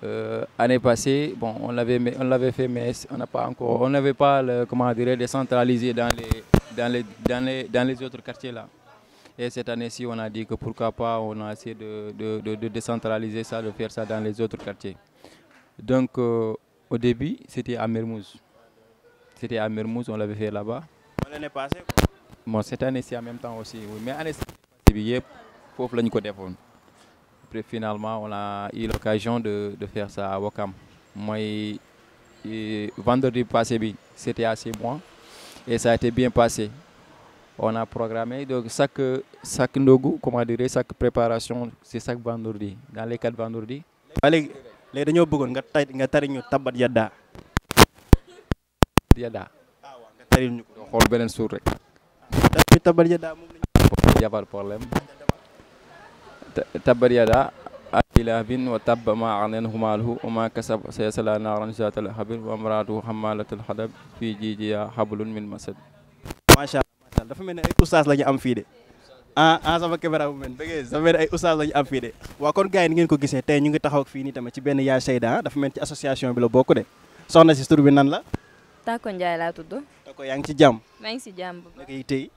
L'année euh, année passée, bon, on l'avait, on l'avait fait, mais on n'a pas encore, on n'avait pas le, comment décentralisé dans les, dans les, dans les, autres quartiers là. Et cette année-ci, on a dit que pourquoi pas, on a essayé de, décentraliser ça, de faire ça dans les autres quartiers. Donc, euh, au début, c'était à Mermouz. C'était à Mermouz, on l'avait fait là-bas. L'année passée. cette année-ci en même temps aussi, oui. Mais année passée, bien. Pour le puis finalement, on a eu l'occasion de, de, faire ça à Wakam. Moi, et, et, vendredi passé, c'était assez bon et ça a été bien passé. On a programmé, donc chaque, chaque Ndogu, comment dire, chaque préparation, c'est chaque vendredi, dans les quatre vendredis. les léegi dañoo bëggoon nga tay nga tari ñu Yada. yadda. yadda. Ah, nga tari ñu ko. xool beneen suur rek. Ah, tabat yadda moom la ñu. y a pas de problème. تبت يدا أبي لهب وتب ما أغنى ماله وما كسب سيصلى نارا ذات لهب وامرأته حمالة الحطب في جيدها حبل من مسد ما شاء الله ma sha Allah dafa mel ne ay oustaz la ñu am fii de ah ah sama caméra bu mel dëgg dafa mel ne ay oustaz la ñu am fii de waaw kon gars yi ni ngeen ko gisee tey ñu ngi taxaw fii nii tamit ci benn yaay Seyda dafa mel ci association bi la bokk de soxna si tur bi nan la Tako Ndiaye laa tudd Tako yaa ngi ci jàmm maa ngi ci jàmm bu baax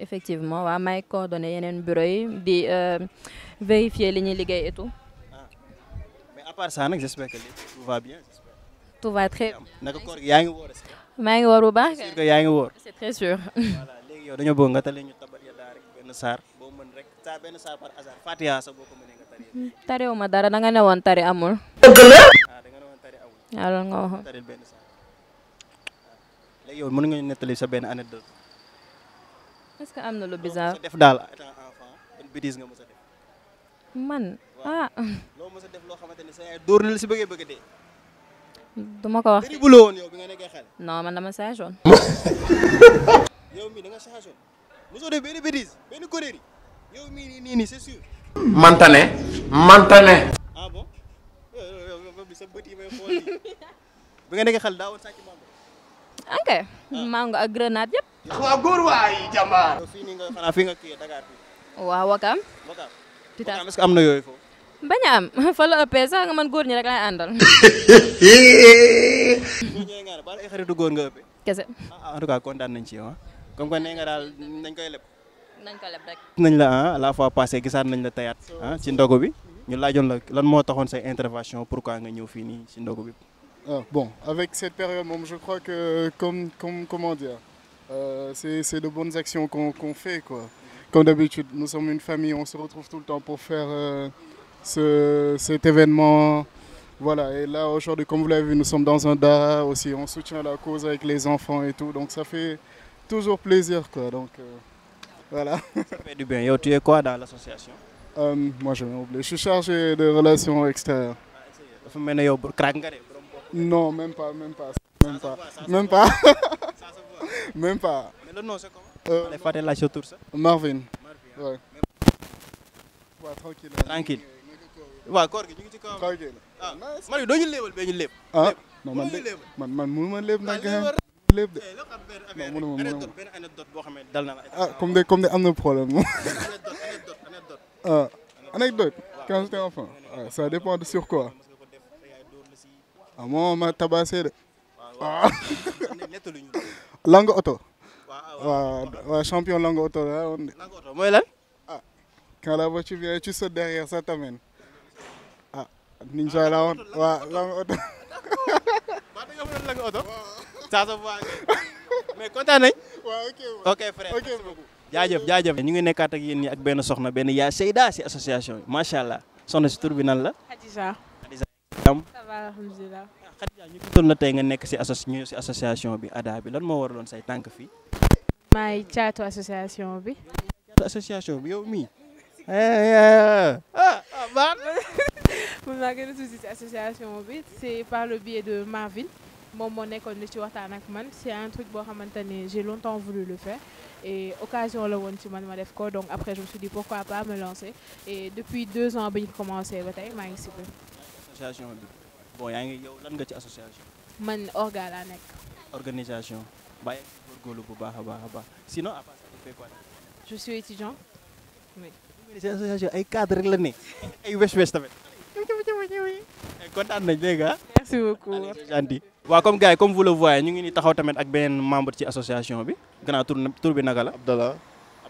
effectivement wa may coordonné yenen bureau yi di euh, vérifier li ñuy liggéey et tout. Ah. mais à part ça nak j'espère que tout va bien. tout va très bien. naka koor gi yaa ngi woor maa ngi woor bu baax. sûr que yaa ngi woor. c'est très sûr. voilà légui yow dañu bëgg nga tale ñu tabal ya daa rek benn saar boo mën rek ta ben sar par hasard Fatiha sa boko ko nga tari. Hmm, tarew ma dara da nga ne woon tari amul. deug la. ah da nga ne woon tari amul. alors ah, nga wax ben sar ah. légui yow mën nga netali nettali sa benn anecdote. est-ce que am na lu bizarre def daal étant enfant ban bêtise nga mos a def. man ah. loo mos a def loo xamante ne sa yaay dóor la si bëggee bëgg a dee. ko wax. bëri woon yow bi nga nekkee xale. non man dama change woon. yow mii da nga change woon mosoo def benn bêtise benn kuréel yow mii nii nii mantane mantane. Ah daa woon sàcc ok ya? mau nggak granat ya? waaw góor jamar. Wah fii nii nga xanaa wakam Kita. wakam est-ce que am na a am fa la ëppee sax nga man góor ñi rek laay leb leb la la fois passé gisaat nañ la tayaat ci ndogu bi ñu la lan say intervention pourquoi nga ñëw fii ci bi Ah, bon, avec cette période, je crois que, comme, comment dire, euh, c'est de bonnes actions qu'on fait. Quoi. Comme d'habitude, nous sommes une famille, on se retrouve tout le temps pour faire euh, ce, cet événement. Voilà, et là aujourd'hui, comme vous l'avez vu, nous sommes dans un da aussi, on soutient la cause avec les enfants et tout, donc ça fait toujours plaisir. Quoi. Donc, euh, voilà. Ça fait du bien. Yo, tu es quoi dans l'association Moi, je vais oublier. Je suis chargé de relations extérieures. Ah, non, même pas, même pas. Même pas. Même pas. Même pas. Mais le nom, c'est euh, ça Marvin. Marvin. Hein. Hein. Ouais. Ouais, tranquille. Tranquille. ah ah non hein. eh, non anecdote ah, comme des comme ah, anecdote quand j'étais enfant ah, ça dépend de sur quoi. waaw ah, moo ma tabassé de. waaw ah. langue oto. waaw waaw champion langue oto la woon de. mooy lan. ah quand la voiture vient tu sautes derrière ça t'amène ah ninja la woon ah, langue oto. saa sa voix mais kontaan ok ok frère ok ñu ngi nekkaat ak yéen ñi ak benn soxna benn yaa Seyda si association bi macha allah soxna si tur la. ça va alhamdulilah. Khadija ñu gisoon la tey nga nekk si associ association bi ADA bi lan moo waraloon say tànk fii. maay caatu association bi. caatu association bi yow mii. Eh, eh, eh. ah, ah baax na. mun naa gën association bi c'est par le biais de Marvin moom moo nekkoon li ci waxtaan ak man c'est un truc boo xamante j'ai longtemps voulu le faire. et occasion la woon ci man ma def ko donc après je me suis dit pourquoi pas me lancer et depuis deux ans ben ñu commencé ba tey maa ngi si association bi bon yaa ngi yow lan nga ci association. man orga laa nekk. organisation bàyyi góorgóorlu bu baax a baax a baax sinon à part ça quoi. je suis étudiant. oui. c'est association ay cadre rek la ne ay wesh wesh tamit. Eh, kontaan nañ léegi ah. merci beaucoup gentil waaw comme gars comme vous le voyez ñu ngi ni taxaw tamit ak beneen membre ci association bi. gannaaw tur tur bi naka la Abdallah.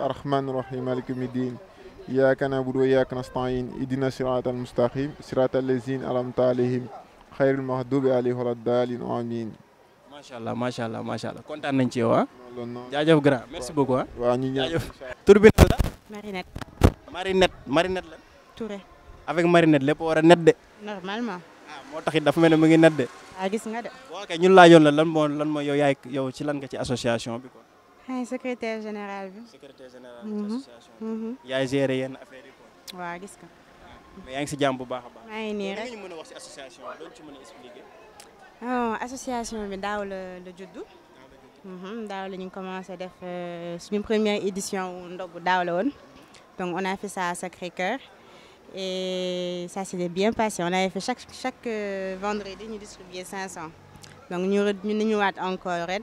الرحمن الرحيم مالك يوم الدين إياك نعبد وإياك نستعين اهدنا الصراط المستقيم صراط الذين أنعمت عليهم خير المغضوب عليهم ولا الضالين آمين macha allah macha allah macha allah kontaan nañ ci yow ah. jaajëf grand merci beaucoup ah. waaw ñu jaajëf tur bi nan la. Marinette. Marinette Marinette la. Touré. avec Marinette lépp war a net de. normalement. ah moo tax it dafa mel ne mu ngi net de. ah gis nga de. waaw kay ñun laajoon la lan moo lan moo yow yaay yow ci lan nga ci association bi quoi. xëy hein, secrétaire général secrétaire général de mhm. l'association bi. Mhm. yaay géré yenn affaire yi quoi. waaw gis nga. mais yaa ngi si jàmm bu baax a baax. maa ngi nii rek a wax si association bi loolu ci mën a expliquer. Oh, association bi daaw le la judd. Mhm, daaw la ñu commencé def euh, suñu première édition Donc, daaw donc on a fait ça à Sacré-Cœur et ça s'est bien passé on avait fait chaque chaque euh, vendredi nous distribuions 500 donc nous, nous ñëwaat encore ren.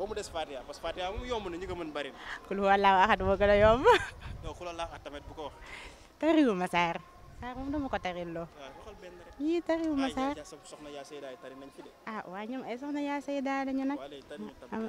ba mu des Fatiha parce que na ñi ko mën bari kul wallaahu ahad moo gën a yomb. bu ko wax. tariwu ma saar. saar moom dama ko taril loo. waaw waxal benn rek. yii tariwu ma saar ah soxna yaa Seyda tari nañ ah, ay soxna yaa Seyda lañu nag. waaw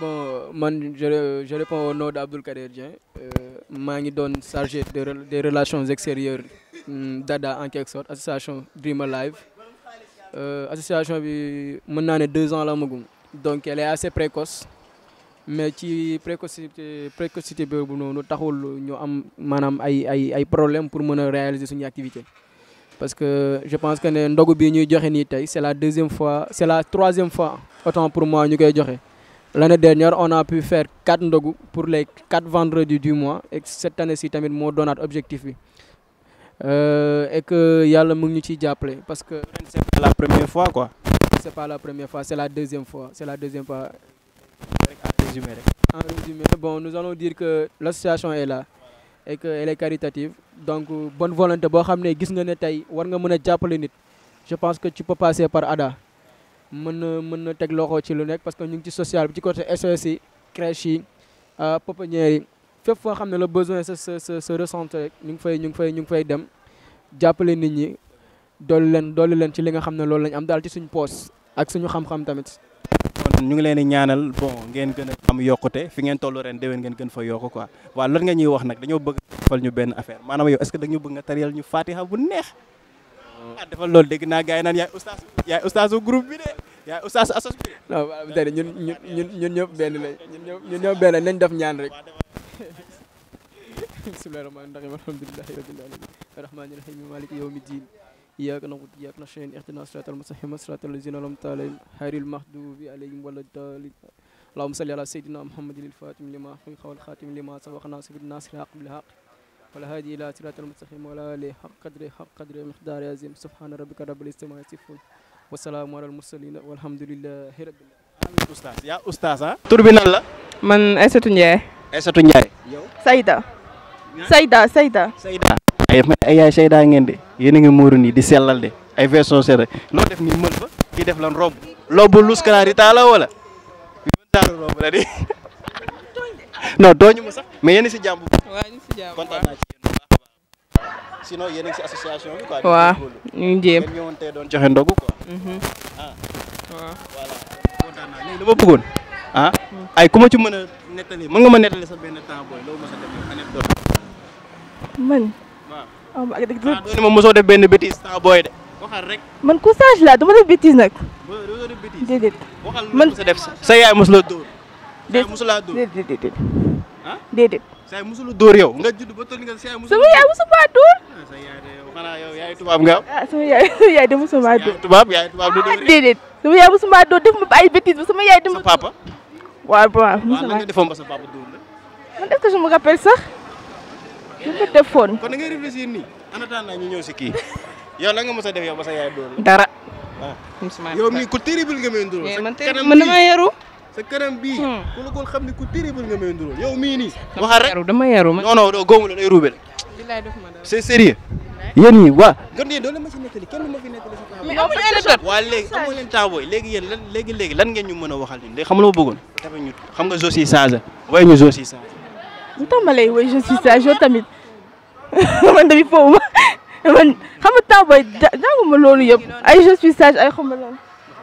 bon je je réponds au nom d'Abdul Kader Je suis donne chargé des relations extérieures hmm, Dada en quelque sorte association Dream Alive euh, association bi deux ans la donc elle est assez précoce mais la précocité précocité des problèmes des ñu pour réaliser son activité parce que je pense que nous avons c'est la deuxième fois c'est la troisième fois autant pour moi nous avons L'année dernière, on a pu faire 4 ndogu pour les 4 vendredis du mois et cette année-ci tamit moo objectif euh, et que Yalla y a le parce que c'est pas la première fois quoi. c'est pas la première fois c'est la deuxième fois c'est la deuxième fois. en résumé en résumé bon nous allons dire que l'association est là et qu'elle est caritative donc bonne volonté Bon, je pense que tu peux passer par Ada. mën na mën na teg loxo ci lu nekk parce que ñu ngi ci social bi ci côté SOS yi crèche yi euh, pouponnière yi fépp foo xam ne la besoin sa sa sa sa ressenti ñu ngi fay ñu ngi fay ñu ngi fay dem jàppale nit ñi dolli leen dolli leen ci li nga xam ne loolu lañ am daal ci suñ poos ak suñu xam-xam tamit. kon ñu ngi leen di ñaanal bon ngeen gën a am yokkute fi ngeen toll ren déwén ngeen gën fa yokk quoi waaw lan nga ñuy wax nag dañoo bëgg defal benn affaire maanaam yow est-ce que dañu bëgg nga tariyal ñu fatiha bu neex. Euh. ah defal dégg naa yaa oustaz oustaz non déedéet ñun ñun ñun ñëpp benn lañ ñun ñëpp benn lañ def ñaan rek bismillahi rahmani rahim alhamdulillahi rabbil alamin arrahmani rahim maliki yawmi din iyyaka na'budu wa iyyaka nasta'in ihdina siratal mustaqim siratal ladzina an'amta alaihim ghayril maghdubi alaihim waladdallin اللهم صل على سيدنا محمد الفاتم لما حقق والخاتم لما سبق ناصر الناصر حق بالحق والهادي الى صراط المستقيم ولا اله حق قدره حق قدره مقدار عظيم سبحان ربك رب العزه عما يصفون Assalamualaikum alal mursalin walhamdulillahi rabbil alamin oustaz yaa bi nan la man Aïssatou Ndiaye Aïssatou Ndiaye yow Sayda ya. Sayda Sayda Sayda ay ma ay Sayda ngeen de di sellal de ay version sere Lo def nii mën fa kii def lan romb lobbu lus kanaa taala wala yoon taala romb la di non dooñu sax mais ci sinon yéen a ngi si association bi quoi. waaw doon joxe ndogu quoi. Mhm. ah voilà kontaan ah. Hmm. ay ku ma ci mën a mën nga ma nettali sa benn temps booy loolu ah, ah, def benn bêtise temps booy de. waxal ku sage la dama def bêtise nag. a def sa yaay mos la dóor. déedéet sa saya musulu dóor yow nga judd ba toll nga saya musulu sama yaay musu saya dóor sa yaay de yow xanaa yow yaay tubaab nga ah sama yaay yaay de musu maa dóor tubaab yaay tubaab du dóor déedéet sama yaay musu maa dóor def ma ay bêtise ba sama yaay dem sa papa waaw waaw musu maa defoon ba sa papa dóor la man def ko sama rappel sax saya ko defoon kon da ngay réfléchir ni ana tan ñu ñëw si kii yow la nga musa def yow ba sa yaay dóor dara yow mi ku terrible nga may ndóor man dama yaru sa kanam bii. ku la ko xam ne ku terrible nga may nduróol yow mii nii. waxal rek dama yaru ma non non góobu la day ruube la. bilaay def ma dara c'est sérieux. yéen ñi waa. gën yéen doole ma ci nettali kenn du ma fi nettali sa temps. mais amuñu anecdote waa léegi amuñu leen temps booy léegi yéen lan léegi léegi lan ngeen ñu mën a waxal ñun léegi xam la ma bëggoon. dafa ñu xam nga Zosie Saza way ñu Zosie Saza. lu tax ma lay woy Zosie Saza yow tamit man tamit foofu ma man xam nga temps booy jànguma loolu yëpp ay je suis sage ay xaw ma loolu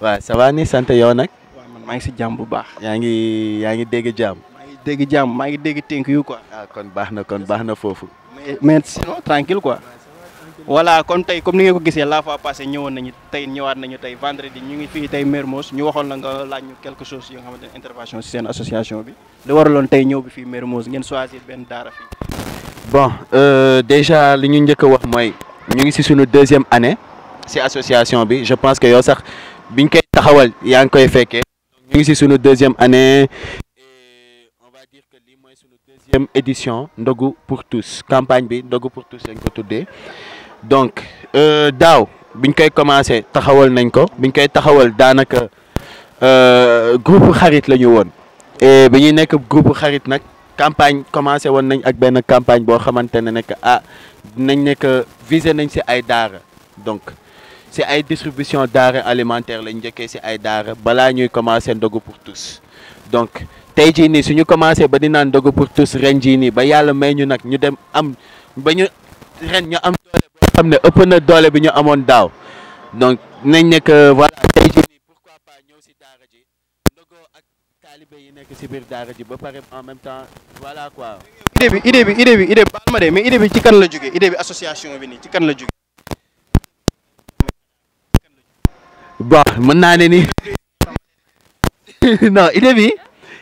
waaw ça va ni santé yow nag. waaw man maa ngi si jàmm bu baax. yaa ngi yaa ngi dégg jàmm. maa ngi dégg jàmm maa ngi yu quoi. ah kon baax na kon baax na foofu. mais sinon tranquille quoi. voilà kon tay comme ni ngeen ko gisee la fois passée ñëwoon nañu tey ñëwaat nañu tay vendredi ñu ngi fii tey Mermoz ñu waxoon la nga laaj quelque chose yoo nga xamante intervention si seen association bi. Le waraloon tay ñëw bi fii Mermoz ngeen choisir benn daara fii. bon euh, déjà li ñu njëkk a wax mooy ñu ngi si suñu deuxième année si association bi je pense que yow sax biñ koy taxawal yaa ngi koy fekkee ñu ngi si suñu deuxième année et on va dire que lii mooy suñu deuxième édition ndogu pour tous campagne bi ndogu pour tous lañ ko tuddee donc euh, daaw biñ koy commencé taxawal nañ ko biñ koy taxawal daanaka euh, groupe xarit la ñu woon et bi ñuy nekk groupe xarit nag campagne commencé woon nañ ak benn campagne boo xamante ne nekk ah nañ nekk visé nañ si ay daara donc c'est une distribution d'art alimentaires pour tous donc tayji nous suñu commencé ba pour tous ren ni ba yalla may ñu nous ñu dem am ba ñu am ëpp donc nañ euh, voilà pourquoi pas en même temps voilà quoi. bon bah, Non, non idée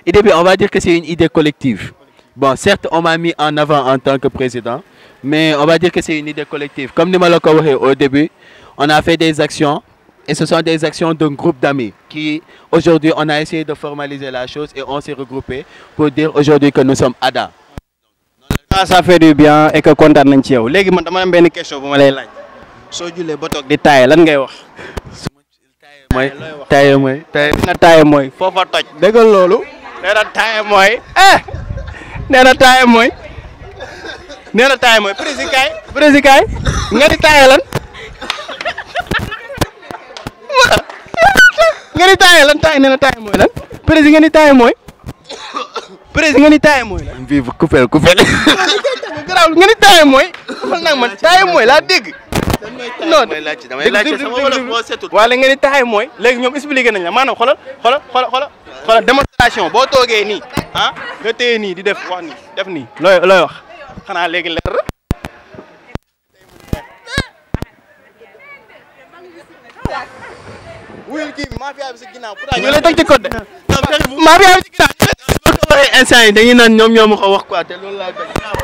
Il on va dire que c'est une idée collective bon certes on m'a mis en avant en tant que président mais on va dire que c'est une idée collective comme nous l'avons au début on a fait des actions et ce sont des actions d'un groupe d'amis qui aujourd'hui on a essayé de formaliser la chose et on s'est regroupé pour dire aujourd'hui que nous sommes ADA. ça ça fait du bien et que condamnons-nous yow man dama am question mooy taye mooy taye na taye mooy foofa toj déggal loolu nee na taye mooy eh nee na taye mooy nee na taye mooy président kaay président kaay nga di taye lan nga ni taay lan taay nee na taay mooy lan président nga ni taay mooy président nga ni taay mooy lan. vive coupé coupé. garaaw nga ni taay mooy. xool naa man taay mooy laa dégg. non wala nga ni taxaay mooy léegi ñoom expliqué nañ la maanaam xoolal xoolal xoolal xoolal démonstration boo toogee nii ah nga nii di def wax nii def nii looy wax xanaa léegi leer wuyul kii mafia bi si ginnaaw pourtant ñu lay teg ci code mafia bi si ginnaaw boo ko waxee instant yi dañuy naan ñoom ñoo ma ko wax quoi te loolu laa